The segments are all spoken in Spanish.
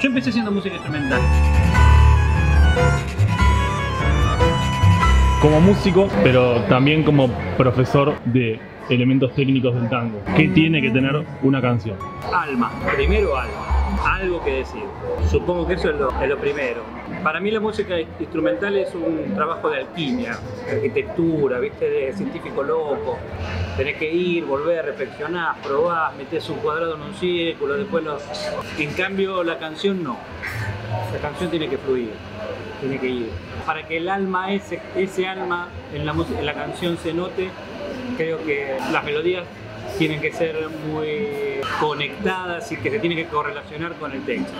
Yo empecé haciendo música instrumental. Como músico, pero también como profesor de elementos técnicos del tango. ¿Qué tiene que tener una canción? Alma, primero alma algo que decir. Supongo que eso es lo, primero. Para mí la música instrumental es un trabajo de alquimia, de arquitectura, ¿viste? de científico loco. Tenés que ir, volver, reflexionar, probar, metes un cuadrado en un círculo, después los En cambio la canción no. La canción tiene que fluir, tiene que ir. Para que el alma, ese, ese alma en la, en la canción se note, creo que las melodías tienen que ser muy conectadas y que se tienen que correlacionar con el texto.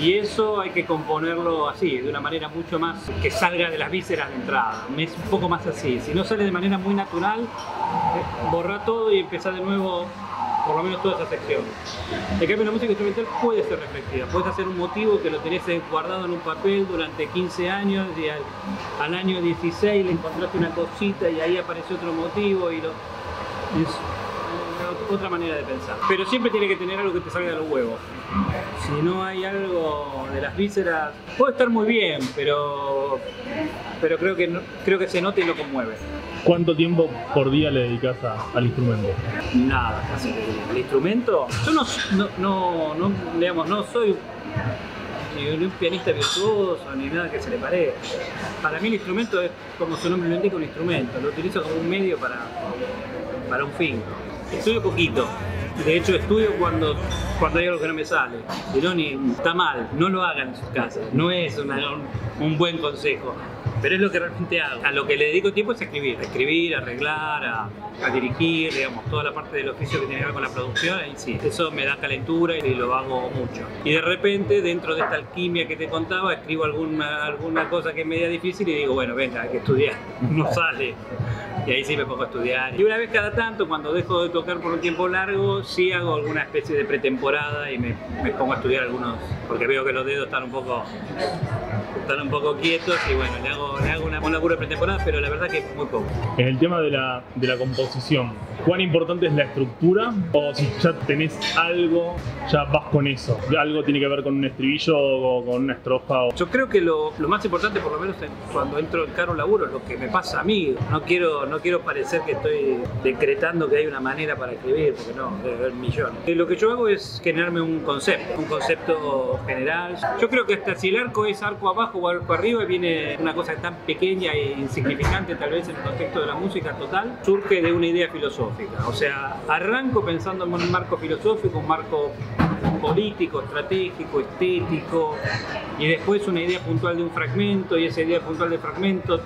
Y eso hay que componerlo así, de una manera mucho más que salga de las vísceras de entrada, es un poco más así. Si no sale de manera muy natural, eh, borra todo y empieza de nuevo por lo menos toda esa sección. En cambio, la música instrumental puede ser reflexiva, puedes hacer un motivo que lo tenés guardado en un papel durante 15 años y al, año 16 le encontraste una cosita y ahí aparece otro motivo y lo otra manera de pensar. Pero siempre tiene que tener algo que te salga de los huevos. Si no hay algo de las vísceras, puede estar muy bien, pero, pero creo, que creo que se nota y lo conmueve. ¿Cuánto tiempo por día le dedicas al instrumento? Nada, casi. El instrumento, yo no, no soy ni un pianista virtuoso, ni nada que se le pare. Para mí el instrumento es, como su nombre lo indica, un instrumento. Lo utilizo como un medio para, para un fin. Estudio poquito. De hecho, estudio cuando, cuando hay algo que no me sale. ni... está mal, no lo hagan en sus casas. No es un buen consejo pero es lo que realmente hago. A lo que le dedico tiempo es a escribir, a escribir, a arreglar, a, dirigir, digamos, toda la parte del oficio que tiene que ver con la producción, y sí, eso me da calentura y lo hago mucho. Y de repente, dentro de esta alquimia que te contaba, escribo alguna, alguna cosa que es media difícil y digo, bueno, venga, hay que estudiar, no sale, y ahí sí me pongo a estudiar. Y una vez cada tanto, cuando dejo de tocar por un tiempo largo, sí hago alguna especie de pretemporada y me, pongo a estudiar algunos, porque veo que los dedos están un poco están un poco quietos y bueno, le hago, le hago una, una laburo pretemporada, pero la verdad que muy poco. En el tema de la, de la composición, ¿cuán importante es la estructura? O si ya tenés algo, ya vas con eso. ¿Algo tiene que ver con un estribillo o con una estrofa? Yo creo que lo, más importante, por lo menos cuando entro en caro laburo, lo que me pasa a mí, no quiero, no quiero parecer que estoy decretando que hay una manera para escribir, porque no, debe haber millones. Eh, lo que yo hago es generarme un concepto, un concepto general. Yo creo que hasta si el arco es arco abajo, o arriba, y viene una cosa tan pequeña e insignificante, tal vez en el contexto de la música total, surge de una idea filosófica. O sea, arranco pensando en un marco filosófico, un marco político, estratégico, estético, y después una idea puntual de un fragmento, y esa idea puntual de fragmento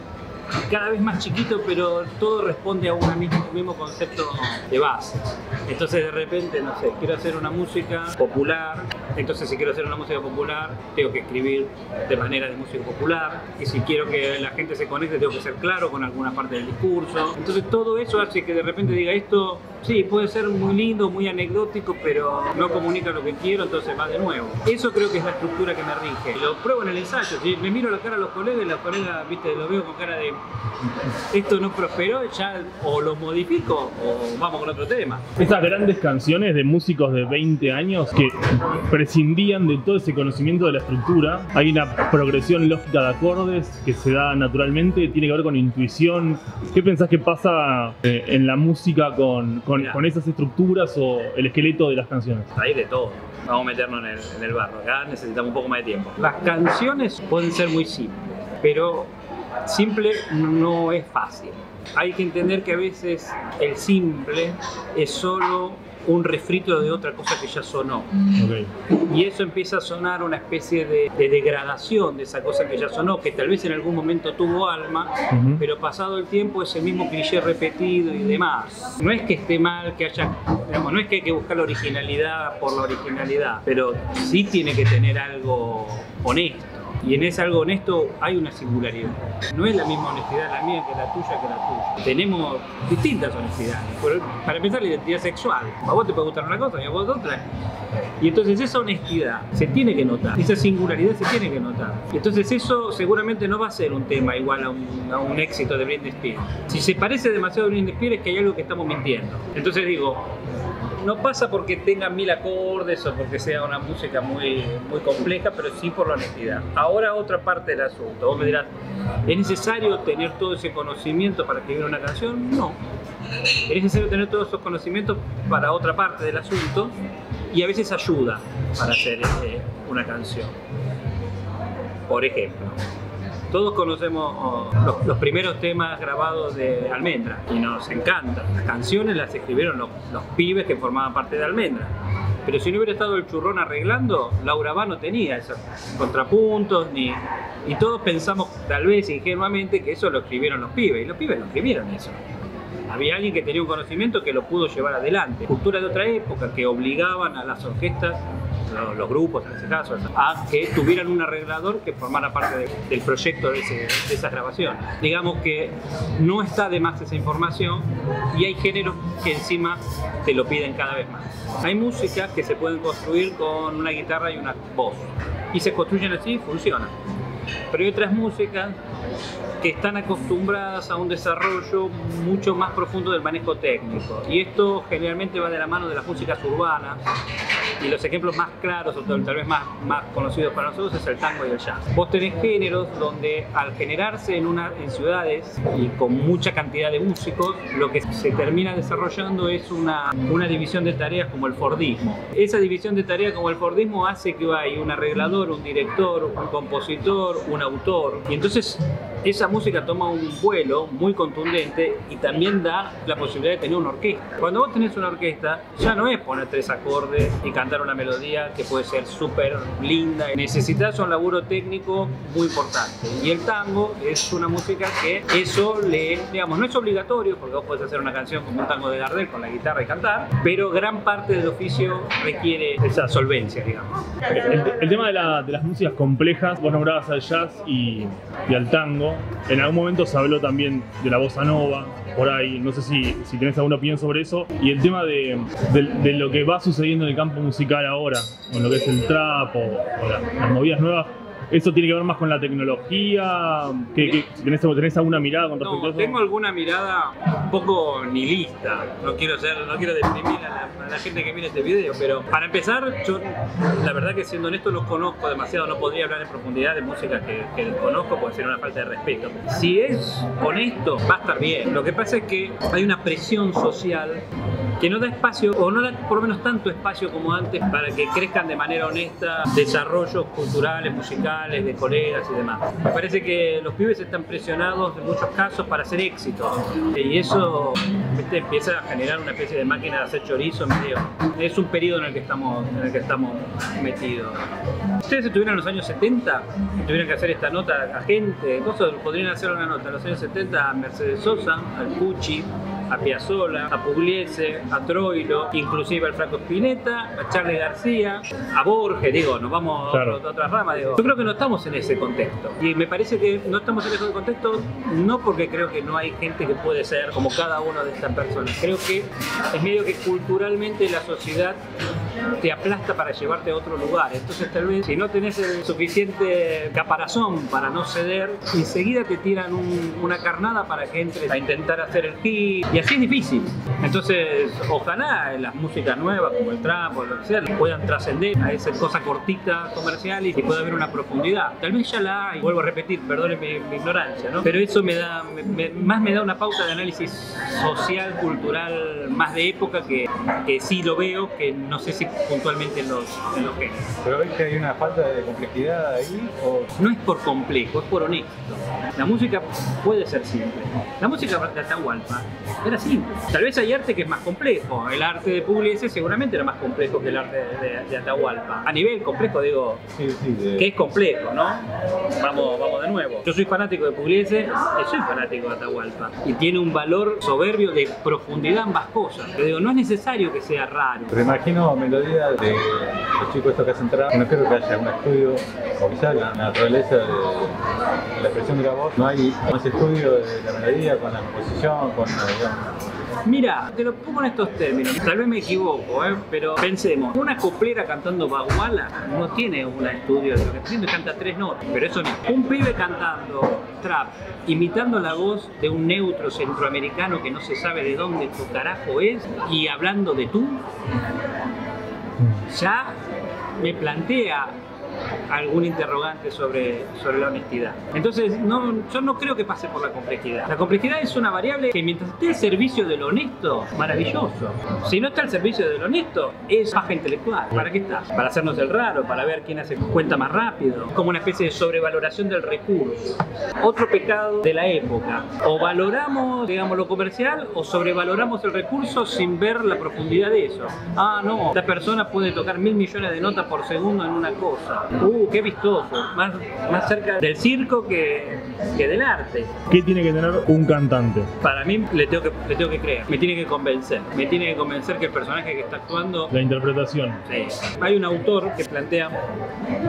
cada vez más chiquito, pero todo responde a un mismo, concepto de base. Entonces de repente, no sé, quiero hacer una música popular, entonces si quiero hacer una música popular, tengo que escribir de manera de música popular, y si quiero que la gente se conecte, tengo que ser claro con alguna parte del discurso. Entonces todo eso hace que de repente diga esto Sí, puede ser muy lindo, muy anecdótico, pero no comunica lo que quiero, entonces va de nuevo. Eso creo que es la estructura que me rige. Lo pruebo en el ensayo. me miro la cara a los colegas, los colegas, viste, lo veo con cara de esto no prosperó, ya o lo modifico o vamos con otro tema. Estas grandes canciones de músicos de 20 años que prescindían de todo ese conocimiento de la estructura, hay una progresión lógica de acordes que se da naturalmente, tiene que ver con intuición. ¿Qué pensás que pasa eh, en la música con con, esas estructuras o el esqueleto de las canciones? Hay de todo. Vamos a meternos en el, en el barro. Acá necesitamos un poco más de tiempo. Las canciones pueden ser muy simples, pero simple no es fácil. Hay que entender que a veces el simple es solo un refrito de otra cosa que ya sonó. Y eso empieza a sonar una especie de, degradación de esa cosa que ya sonó, que tal vez en algún momento tuvo alma, pero pasado el tiempo ese mismo cliché repetido y demás. No es que esté mal que haya, no es que hay que buscar la originalidad por la originalidad, pero sí tiene que tener algo honesto. Y en ese algo honesto hay una singularidad. No es la misma honestidad la mía que la tuya que la tuya. Tenemos distintas honestidades. para empezar, la identidad sexual. A vos te puede gustar una cosa y a vos otra. Y entonces esa honestidad se tiene que notar, esa singularidad se tiene que notar. Entonces eso seguramente no va a ser un tema igual a un, a un éxito de Britney Spears. Si se parece demasiado a Britney Spears es que hay algo que estamos mintiendo. Entonces digo, no pasa porque tenga mil acordes o porque sea una música muy, muy compleja, pero sí por la honestidad. Ahora otra parte del asunto. Vos me dirás, ¿es necesario tener todo ese conocimiento para escribir una canción? No. Es necesario tener todos esos conocimientos para otra parte del asunto y a veces ayuda para hacer eh, una canción. Por ejemplo. Todos conocemos oh, los, primeros temas grabados de Almendra y nos encantan. Las canciones las escribieron los, pibes que formaban parte de Almendra. Pero si no hubiera estado el churrón arreglando, Laura Va no tenía esos contrapuntos ni. Y todos pensamos, tal vez ingenuamente, que eso lo escribieron los pibes. Y los pibes no escribieron eso había alguien que tenía un conocimiento que lo pudo llevar adelante. Cultura de otra época que obligaban a las orquestas los, grupos en ese caso, a que tuvieran un arreglador que formara parte del proyecto de, esa grabación. Digamos que no está de más esa información y hay géneros que encima te lo piden cada vez más. Hay músicas que se pueden construir con una guitarra y una voz y se construyen así y funcionan. Pero hay otras músicas que están acostumbradas a un desarrollo mucho más profundo del manejo técnico. Y esto generalmente va de la mano de las músicas urbanas, y los ejemplos más claros o tal vez más, más conocidos para nosotros es el tango y el jazz. Vos tenés géneros donde al generarse en, una, en ciudades y con mucha cantidad de músicos, lo que se termina desarrollando es una, una división de tareas como el Fordismo. Esa división de tareas como el Fordismo hace que hay un arreglador, un director, un compositor, un autor. Y entonces esa música toma un vuelo muy contundente y también da la posibilidad de tener una orquesta. Cuando vos tenés una orquesta, ya no es poner tres acordes y cantar una melodía que puede ser súper linda. Necesitas un laburo técnico muy importante. Y el tango es una música que eso le, digamos, no es obligatorio, porque vos podés hacer una canción como un tango de Gardel con la guitarra y cantar, pero gran parte del oficio requiere esa solvencia, digamos. El, tema de, las músicas complejas, vos nombrabas al jazz y al tango, en algún momento se habló también de la bossa nova, por ahí, no sé si, si tenés alguna opinión sobre eso. Y el tema de, lo que va sucediendo en el campo musical ahora, con lo que es el trap o, las movidas nuevas, ¿Eso tiene que ver más con la tecnología? tenés, alguna mirada con respecto a eso? Tengo alguna mirada un poco nihilista. No quiero, ser, no quiero deprimir a la, gente que mira este video, pero para empezar, yo la verdad que siendo honesto no conozco demasiado, no podría hablar en profundidad de música que, que conozco porque sería una falta de respeto. Si es honesto, va a estar bien. Lo que pasa es que hay una presión social que no da espacio, o no da por lo menos tanto espacio como antes, para que crezcan de manera honesta desarrollos culturales, musicales, de colegas y demás. Me parece que los pibes están presionados en muchos casos para hacer éxito, y eso este, empieza a generar una especie de máquina de hacer chorizo medio. Es un periodo en el que estamos, en el que estamos metidos. Ustedes estuvieran en los años 70, tuvieron que hacer esta nota a gente, cosas, podrían hacer una nota en los años 70 a Mercedes Sosa, al Cuchi a Piazzola, a Pugliese, a Troilo, inclusive al Franco Spinetta, a Charlie García, a Borges, digo, nos vamos a, otra Digo. Yo creo que no estamos en ese contexto. Y me parece que no estamos en ese contexto no porque creo que no hay gente que puede ser como cada una de estas personas. Creo que es medio que culturalmente la sociedad te aplasta para llevarte a otro lugar. Entonces tal vez si no tenés el suficiente caparazón para no ceder, enseguida te tiran una carnada para que entres a intentar hacer el hit. Y así es difícil. Entonces ojalá las músicas nuevas como el trap o lo que sea puedan trascender a esa cosa cortita comercial y que pueda haber una profundidad. Tal vez ya la hay, vuelvo a repetir, perdonen mi, ignorancia, ¿no? Pero eso me da, más me da una pauta de análisis social, cultural, más de época que, que sí lo veo, que no sé si puntualmente en los, en los géneros. ¿Pero ves que hay una falta de complejidad ahí? O... No es por complejo, es por honesto. La música puede ser simple. La música de Atahualpa era simple. Tal vez hay arte que es más complejo. El arte de Pugliese seguramente era más complejo que el arte de, Atahualpa. A nivel complejo digo que es complejo, ¿no? Vamos, vamos de nuevo. Yo soy fanático de Pugliese, soy fanático de Atahualpa. Y tiene un valor soberbio de profundidad ambas cosas. pero digo, no es necesario que sea raro. Pero imagino de los chicos estos que hacen trap, no creo que haya un estudio, o la naturaleza de la expresión de la voz, no hay más estudio de la melodía con la composición, con la, Mira, te lo pongo en estos términos, tal vez me equivoco, ¿eh? pero pensemos, una coplera cantando baguala no tiene un estudio, de lo que tiene canta tres notas, pero eso no. Un pibe cantando trap, imitando la voz de un neutro centroamericano que no se sabe de dónde tu carajo es y hablando de tú, ya me plantea algún interrogante sobre, sobre la honestidad. Entonces, no, yo no creo que pase por la complejidad. La complejidad es una variable que mientras esté al servicio de lo honesto, maravilloso. Si no está al servicio de lo honesto, es baja intelectual. ¿Para qué estás? Para hacernos el raro, para ver quién hace cuenta más rápido. Como una especie de sobrevaloración del recurso. Otro pecado de la época. O valoramos, digamos, lo comercial o sobrevaloramos el recurso sin ver la profundidad de eso. Ah, no, esta persona puede tocar mil millones de notas por segundo en una cosa. ¡Uh, qué vistoso! Más, más cerca del circo que, que del arte. ¿Qué tiene que tener un cantante? Para mí le tengo, que, tengo que creer, me tiene que convencer. Me tiene que convencer que el personaje que está actuando... La interpretación. Sí. Hay un autor que plantea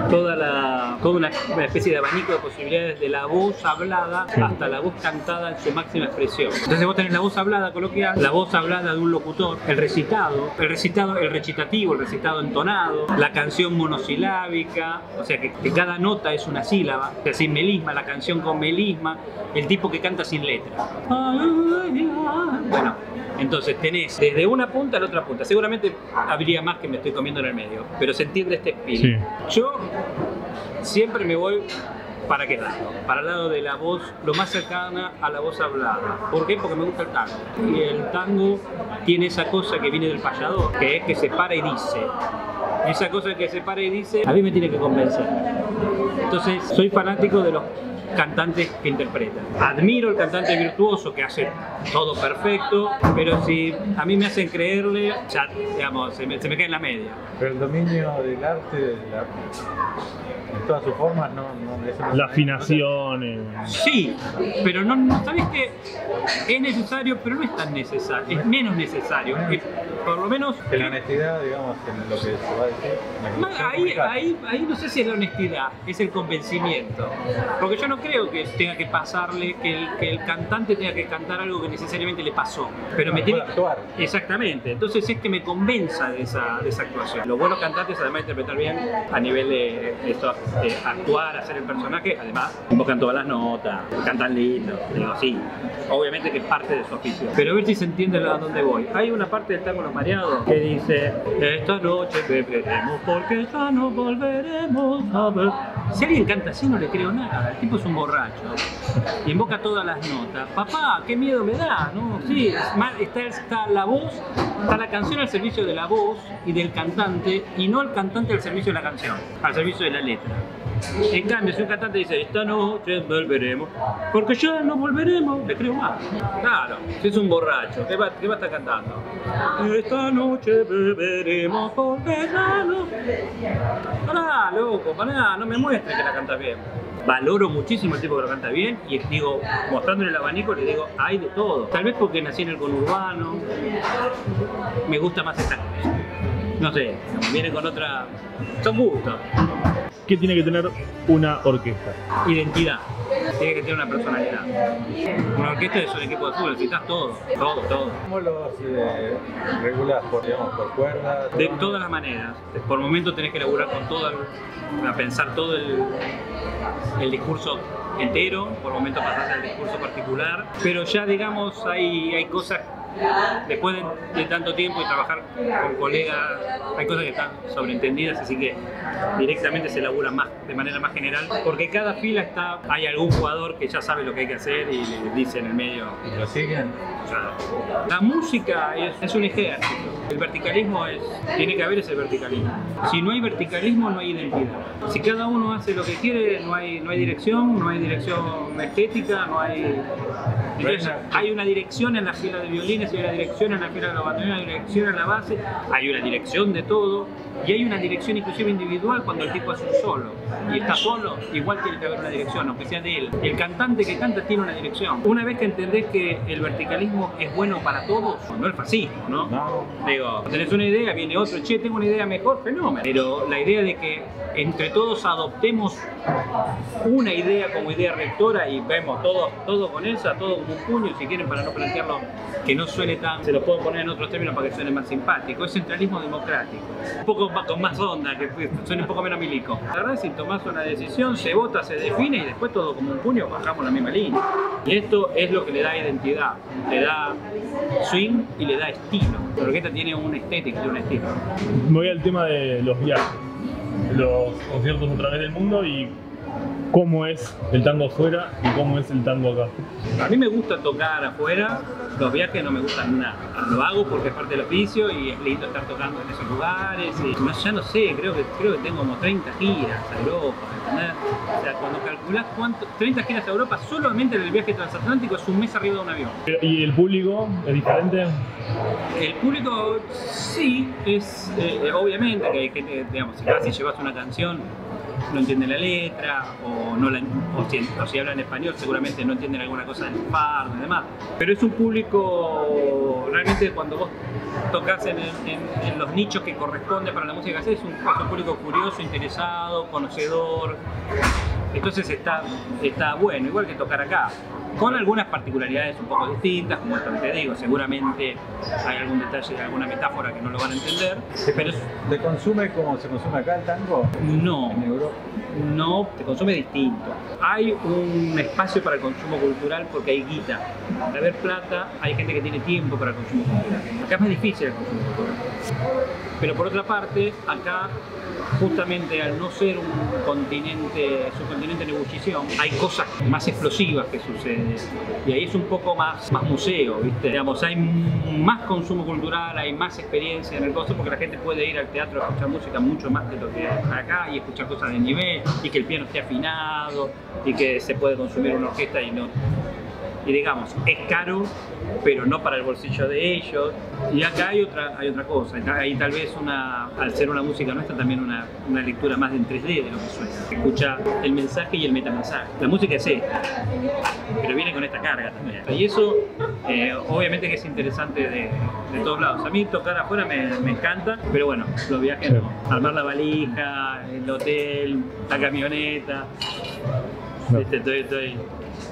toda, la, una, especie de abanico de posibilidades de la voz hablada hasta la voz cantada en su máxima expresión. Entonces vos tenés la voz hablada coloquial, la voz hablada de un locutor, el recitado, el recitado, el recitativo, el recitado entonado, la canción monosilábica, o sea que, cada nota es una sílaba, es sea, sin melisma, la canción con melisma, el tipo que canta sin letra. Bueno, entonces tenés desde una punta a la otra punta. Seguramente habría más que me estoy comiendo en el medio, pero se entiende este espíritu. Yo siempre me voy para qué lado? Para el lado de la voz, lo más cercana a la voz hablada. ¿Por qué? Porque me gusta el tango. Y el tango tiene esa cosa que viene del payador, que es que se para y dice esa cosa que se para y dice, a mí me tiene que convencer. Entonces, soy fanático de los cantantes que interpretan. Admiro el cantante virtuoso que hace todo perfecto, pero si a mí me hacen creerle, ya, digamos, se me, cae en la media. Pero el dominio del arte, de en todas sus formas, no, no, la Las Sí, pero no, no sabes que es necesario, pero no es tan necesario, es menos necesario. por lo menos. En la honestidad, digamos, en lo que se va a decir. Ahí, ahí, ahí no sé si es la honestidad, es el convencimiento. Porque yo no creo que tenga que pasarle, que el, que el cantante tenga que cantar algo que necesariamente le pasó. Pero me tiene que actuar. Exactamente. Entonces es que me convenza de esa, actuación. Los buenos cantantes, además de interpretar bien, a nivel de, esto, actuar, hacer el personaje, además, invocan todas las notas, cantan lindo. Digo, sí. Obviamente que es parte de su oficio. Pero a ver si se entiende a dónde voy. Hay una parte del tango Los Mareados que dice: Esta noche beberemos porque ya no volveremos a ver. Si alguien canta así, no le creo nada. El tipo es borracho, y invoca todas las notas, papá, qué miedo me da, ¿no? Sí, está, está la voz, está la canción al servicio de la voz y del cantante, y no el cantante al servicio de la canción, al servicio de la letra. En cambio, si un cantante dice, esta noche volveremos, porque ya no volveremos, le creo más. Claro, si es un borracho, ¿qué va, a estar cantando? Esta noche beberemos porque ya no... Pará, loco, pará, no me muestres que la cantas bien valoro muchísimo el tipo que lo canta bien y digo, mostrándole el abanico, le digo, hay de todo. Tal vez porque nací en el conurbano, me gusta más esta. No sé, viene con otra. Son gustos. ¿Qué tiene que tener una orquesta? Identidad. Tiene que tener una personalidad. Una orquesta es un equipo de fútbol, necesitas todo, todo, todo. ¿Cómo lo eh, por, por cuerdas? De todas las maneras. Por momento tenés que laburar con todo, a pensar todo el, el discurso entero, por momentos pasás al discurso particular, pero ya digamos hay, hay cosas después de, tanto tiempo y trabajar con colegas, hay cosas que están sobreentendidas, así que directamente se labura más, de manera más general, porque cada fila está, hay algún jugador que ya sabe lo que hay que hacer y le dice en el medio. ¿Lo siguen? La música es, una un El verticalismo es, tiene que haber ese verticalismo. Si no hay verticalismo, no hay identidad. Si cada uno hace lo que quiere, no hay, no hay dirección, no hay dirección estética, no hay... hay una dirección en la fila de violines hay una dirección en la fila de los una dirección en la base, hay una dirección de todo y hay una dirección inclusive individual cuando el tipo hace un solo y está solo, igual tiene que haber una dirección, aunque sea de él. El cantante que canta tiene una dirección. Una vez que entendés que el verticalismo es bueno para todos, no el fascismo, ¿no? no. Digo, tenés una idea, viene otro, che, tengo una idea mejor, fenómeno. Pero la idea de que entre todos adoptemos una idea como idea rectora y vemos todo todo con esa, todo con un puño, si quieren, para no plantearlo que no tan, se lo puedo poner en otros términos para que suene más simpático, es centralismo democrático, un poco más, con más onda, que suene un poco menos milico. La verdad es que si tomás una decisión, se vota, se define y después todo como un puño bajamos la misma línea. Y esto es lo que le da identidad, le da swing y le da estilo. La orquesta tiene una estética, y un estilo. Voy al tema de los viajes, los conciertos a través del mundo y cómo es el tango afuera y cómo es el tango acá. A mí me gusta tocar afuera, los viajes no me gustan nada. Lo hago porque es parte del oficio y es lindo estar tocando en esos lugares. Y más ya no sé, creo que, creo que tengo como 30 giras a Europa, O sea, cuando calculás cuánto, 30 giras a Europa solamente en el viaje transatlántico es un mes arriba de un avión. ¿Y el público es diferente? El público sí, es eh, obviamente que hay gente, digamos, si llevas una canción no entienden la letra o, no la, si, hablan español seguramente no entienden alguna cosa del fardo y demás. Pero es un público, realmente cuando vos tocas en, los nichos que corresponde para la música es un, público curioso, interesado, conocedor. Entonces está, está bueno, igual que tocar acá con algunas particularidades un poco distintas, como esto que te digo, seguramente hay algún detalle alguna metáfora que no lo van a entender. pero consume como se consume acá el tango? No, en Europa? no, se consume distinto. Hay un espacio para el consumo cultural porque hay guita. Al haber plata, hay gente que tiene tiempo para el consumo cultural. Acá es más difícil el consumo cultural. Pero por otra parte, acá, justamente al no ser un continente, subcontinente en ebullición, hay cosas más explosivas que suceden. Y ahí es un poco más, más museo, ¿viste? Digamos, hay más consumo cultural, hay más experiencia en el costo, porque la gente puede ir al teatro a escuchar música mucho más de lo que acá y escuchar cosas de nivel, y que el piano esté afinado, y que se puede consumir una orquesta y no y digamos, es caro, pero no para el bolsillo de ellos. Y acá hay otra, hay otra cosa, hay tal vez una, al ser una música nuestra, también una, una lectura más en 3D de lo que suena. Escucha el mensaje y el metamensaje. La música es esta, pero viene con esta carga también. Y eso, eh, obviamente que es interesante de, de, todos lados. A mí tocar afuera me, encanta, pero bueno, los viajes Armar la valija, el hotel, la camioneta. Este,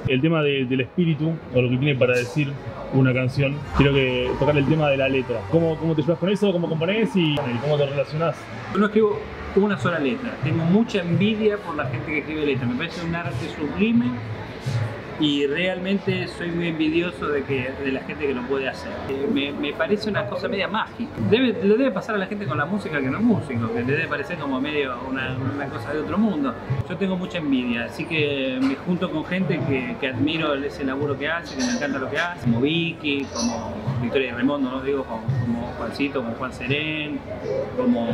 el tema del espíritu, o lo que tiene para decir una canción, Quiero que tocar el tema de la letra. ¿Cómo, cómo te llevas con eso? ¿Cómo componés? ¿Y cómo te relacionás? Yo no escribo una sola letra. Tengo mucha envidia por la gente que escribe letras. Me parece un arte sublime y realmente soy muy envidioso de, que, de la gente que lo puede hacer. Eh, me, parece una cosa media mágica. Debe, le debe pasar a la gente con la música que no es músico, que le debe parecer como medio una, cosa de otro mundo. Yo tengo mucha envidia, así que me junto con gente que, que admiro ese laburo que hace, que me encanta lo que hace, como Vicky, como Victoria Remondo, ¿no? Digo, como, Juancito, como Juan Serén, como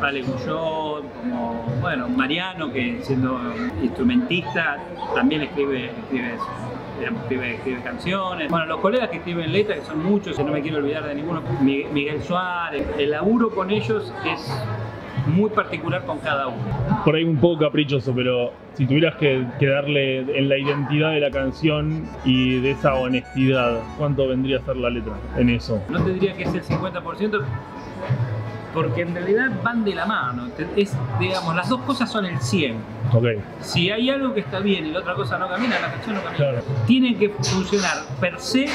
Ale Gullón, como, bueno, Mariano, que siendo instrumentista también escribe escribe, canciones. Bueno, los colegas que escriben letras, que son muchos, y no me quiero olvidar de ninguno, Miguel Suárez, el laburo con ellos es muy particular con cada uno. Por ahí un poco caprichoso, pero si tuvieras que, que, darle en la identidad de la canción y de esa honestidad, ¿cuánto vendría a ser la letra en eso? No te diría que es el 50%, porque en realidad van de la mano. digamos, las dos cosas son el 100. Okay. Si hay algo que está bien y la otra cosa no camina, la canción no camina. Tienen que funcionar per se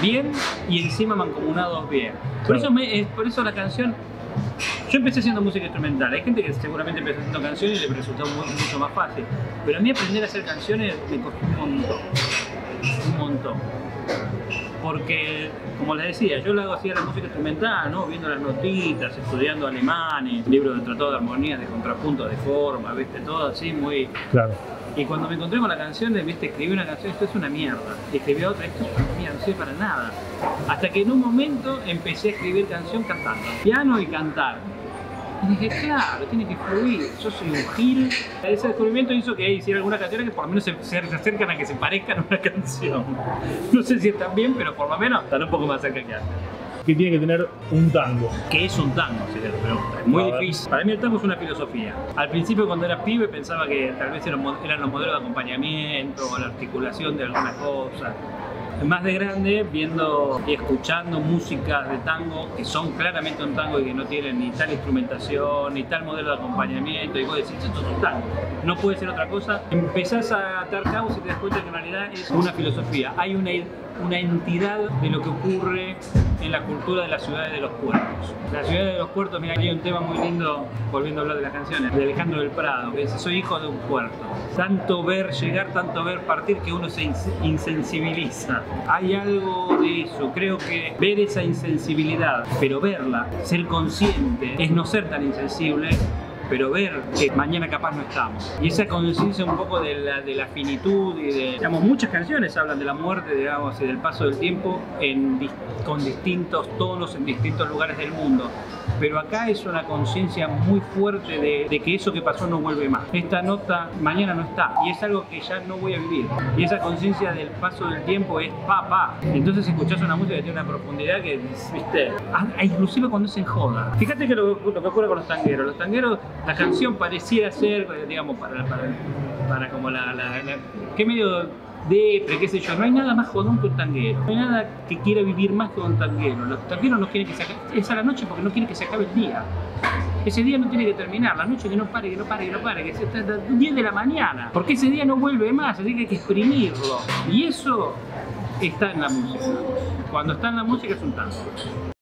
bien y encima mancomunados bien. Por, eso es, por eso la canción yo empecé haciendo música instrumental. Hay gente que seguramente empezó haciendo canciones y le resultó mucho más fácil. Pero a mí aprender a hacer canciones me costó un montón. Un montón porque, como les decía, yo lo hago así a la música instrumental, Viendo las notitas, estudiando alemanes, libros de tratado de armonías, de contrapunto, de forma, ¿viste? Todo así muy... Claro. Y cuando me encontré con la canción, de, ¿viste? Escribí una canción, esto es una mierda. Escribí otra, esto es una mierda, no sirve para nada. Hasta que en un momento empecé a escribir canción cantando. Piano y cantar y dije, claro, tiene que fluir, yo soy un gil. Ese descubrimiento hizo que hiciera algunas canciones que por lo menos se, acercan a que se parezcan a una canción. No sé si están bien, pero por lo menos están un poco más cerca que antes que tiene que tener un tango. ¿Qué es un tango? Si lo Es muy difícil. Para mí el tango es una filosofía. Al principio cuando era pibe pensaba que tal vez eran los modelos de acompañamiento la articulación de alguna cosa más de grande viendo y escuchando música de tango que son claramente un tango y que no tienen ni tal instrumentación, ni tal modelo de acompañamiento, y vos decís, esto es un tango, no puede ser otra cosa, empezás a atar caos y te das cuenta que en realidad es una filosofía, hay una idea una entidad de lo que ocurre en la cultura de las ciudades de los puertos. La ciudad de los puertos, mira, aquí hay un tema muy lindo, volviendo a hablar de las canciones, de Alejandro del Prado, que dice, soy hijo de un puerto. Tanto ver llegar, tanto ver partir, que uno se insensibiliza. Hay algo de eso, creo que ver esa insensibilidad, pero verla, ser consciente, es no ser tan insensible pero ver que mañana capaz no estamos. Y esa conciencia un poco de la, de la finitud y de, digamos, muchas canciones hablan de la muerte, digamos, y del paso del tiempo en, con distintos tonos en distintos lugares del mundo. Pero acá es una conciencia muy fuerte de, que eso que pasó no vuelve más. Esta nota mañana no está y es algo que ya no voy a vivir. Y esa conciencia del paso del tiempo es pa, pa. Entonces escuchás una música que tiene una profundidad que, viste, inclusive cuando es en joda. Fíjate que lo, lo que ocurre con los tangueros. Los tangueros la canción pareciera ser, eh, digamos, para, para, para como la, la, ¿Qué medio depre, qué sé yo? No hay nada más jodón que un tanguero. No hay nada que quiera vivir más que un tanguero. Los tangueros no quieren que se acabe... Es la noche porque no quieren que se acabe el día. Ese día no tiene que terminar, la noche que no pare, que no pare, que no pare, que se está 10 de la mañana, porque ese día no vuelve más, así que hay que exprimirlo. Y eso está en la música. Cuando está en la música es un tango.